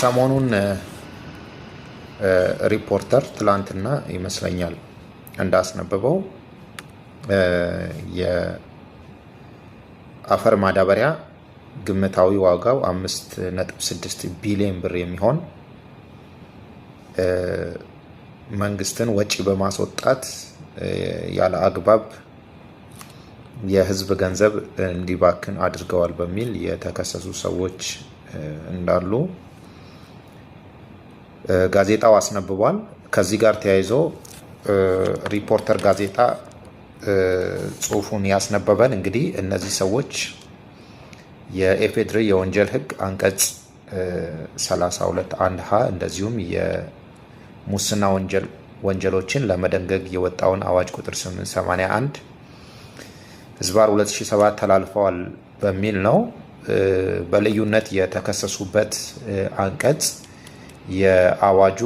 ሰሞኑን ሪፖርተር ትላንትና ይመስለኛል እንዳስነበበው የአፈር ማዳበሪያ ግምታዊ ዋጋው 5.6 ቢሊዮን ብር የሚሆን መንግስትን ወጪ በማስወጣት ያለ አግባብ የህዝብ ገንዘብ እንዲባክን አድርገዋል በሚል የተከሰሱ ሰዎች እንዳሉ ጋዜጣው አስነብቧል። ከዚህ ጋር ተያይዞ ሪፖርተር ጋዜጣ ጽሁፉን ያስነበበን እንግዲህ እነዚህ ሰዎች የኤፌድሪ የወንጀል ህግ አንቀጽ 32 አንድ ሀ እንደዚሁም የሙስና ወንጀል ወንጀሎችን ለመደንገግ የወጣውን አዋጅ ቁጥር 881 ህዝባር 2007 ተላልፈዋል በሚል ነው በልዩነት የተከሰሱበት አንቀጽ የአዋጁ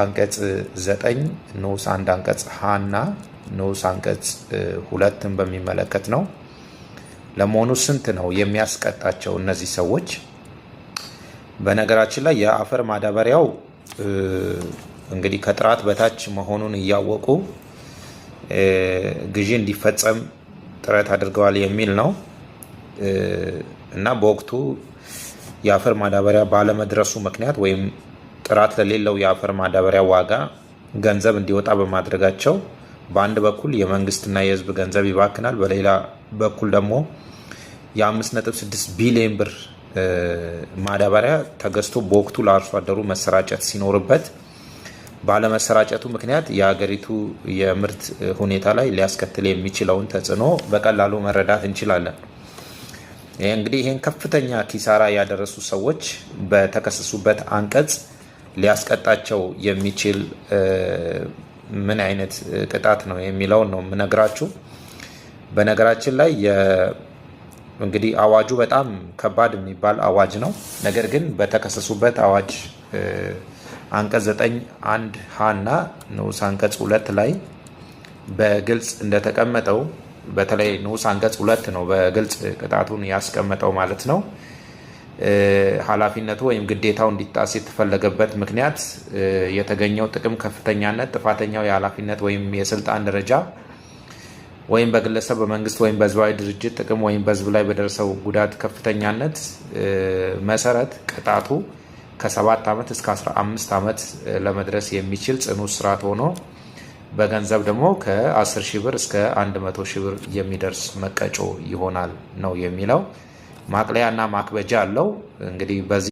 አንቀጽ 9 ንዑስ 1 አንቀጽ ሀ እና ንዑስ አንቀጽ ሁለትን በሚመለከት ነው። ለመሆኑ ስንት ነው የሚያስቀጣቸው እነዚህ ሰዎች? በነገራችን ላይ የአፈር ማዳበሪያው እንግዲህ ከጥራት በታች መሆኑን እያወቁ ግዢ እንዲፈጸም ጥረት አድርገዋል የሚል ነው እና በወቅቱ የአፈር ማዳበሪያ ባለመድረሱ ምክንያት ወይም ጥራት ለሌለው የአፈር ማዳበሪያ ዋጋ ገንዘብ እንዲወጣ በማድረጋቸው በአንድ በኩል የመንግስትና የህዝብ ገንዘብ ይባክናል፣ በሌላ በኩል ደግሞ የ5.6 ቢሊዮን ብር ማዳበሪያ ተገዝቶ በወቅቱ ለአርሶ አደሩ መሰራጨት ሲኖርበት ባለመሰራጨቱ ምክንያት የሀገሪቱ የምርት ሁኔታ ላይ ሊያስከትል የሚችለውን ተጽዕኖ በቀላሉ መረዳት እንችላለን። እንግዲህ ይህን ከፍተኛ ኪሳራ ያደረሱ ሰዎች በተከሰሱበት አንቀጽ ሊያስቀጣቸው የሚችል ምን አይነት ቅጣት ነው የሚለውን ነው የምነግራችሁ። በነገራችን ላይ እንግዲህ አዋጁ በጣም ከባድ የሚባል አዋጅ ነው። ነገር ግን በተከሰሱበት አዋጅ አንቀጽ 9 አንድ ሀ እና ንዑስ አንቀጽ ሁለት ላይ በግልጽ እንደተቀመጠው በተለይ ንዑስ አንቀጽ ሁለት ነው በግልጽ ቅጣቱን ያስቀመጠው ማለት ነው። ኃላፊነቱ ወይም ግዴታው እንዲጣስ የተፈለገበት ምክንያት የተገኘው ጥቅም ከፍተኛነት፣ ጥፋተኛው የኃላፊነት ወይም የስልጣን ደረጃ ወይም በግለሰብ በመንግስት ወይም በህዝባዊ ድርጅት ጥቅም ወይም በህዝብ ላይ በደረሰው ጉዳት ከፍተኛነት መሰረት ቅጣቱ ከሰባት ዓመት እስከ 15 ዓመት ለመድረስ የሚችል ጽኑ እስራት ሆኖ በገንዘብ ደግሞ ከ10 ሺህ ብር እስከ 100 ሺህ ብር የሚደርስ መቀጮ ይሆናል ነው የሚለው። ማቅለያና ማክበጃ አለው። እንግዲህ በዚህ